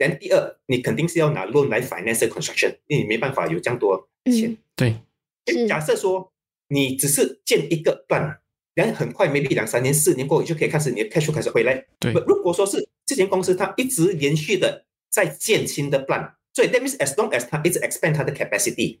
但第二，你肯定是要拿 loan 來 finance the construction，因為你沒辦法有這樣多錢。嗯、對，假設說你只是建一個 plan，然後很快，maybe 兩、嗯、三年、四年過後，你就可以開始，你的 cash 開始回來。對，如果說是這間公司，它一直延續的在建新的 plan，所以 that means as long as 它一直 expand 它的 capacity。